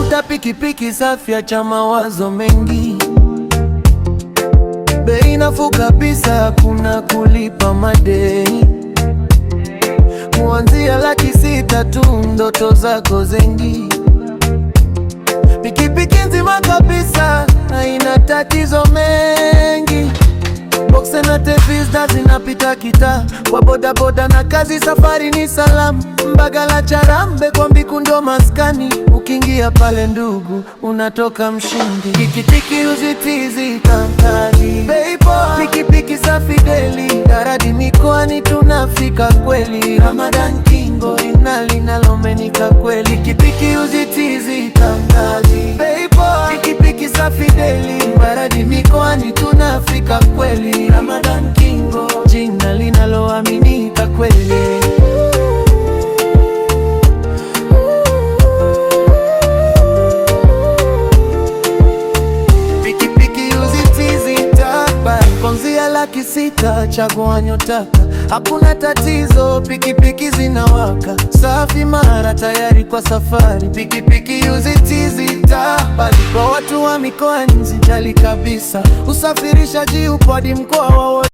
Tafuta pikipiki safi, acha mawazo mengi, bei nafuu kabisa, hakuna kulipa madeni, kuanzia laki sita tu, ndoto zako zengi. Pikipiki nzima kabisa, haina tatizo mengi Mazda zinapita kitaa kwa boda na kazi, safari ni salamu. Mbagala Charambe kwa Mbiku ndo maskani, ukiingia pale ndugu unatoka mshindi. Kikitiki uzitizi kantari bei poa, pikipiki safi deli, daradi mikoani tunafika kweli. Ramadan Kingo ina linalomenika kweli, Kikitiki uzitizi kantari bei poa, pikipiki safi deli, daradi mikoani tunafika kweli. kweli. Pikipiki uzitizitaba kwanzia laki sita, chagua nyotaka, hakuna tatizo, pikipiki zinawaka, safi mara tayari kwa safari. Pikipiki uzitizitaba kwa watu wa mikoani, sijali kabisa, usafirishaji upo hadi mkoa wa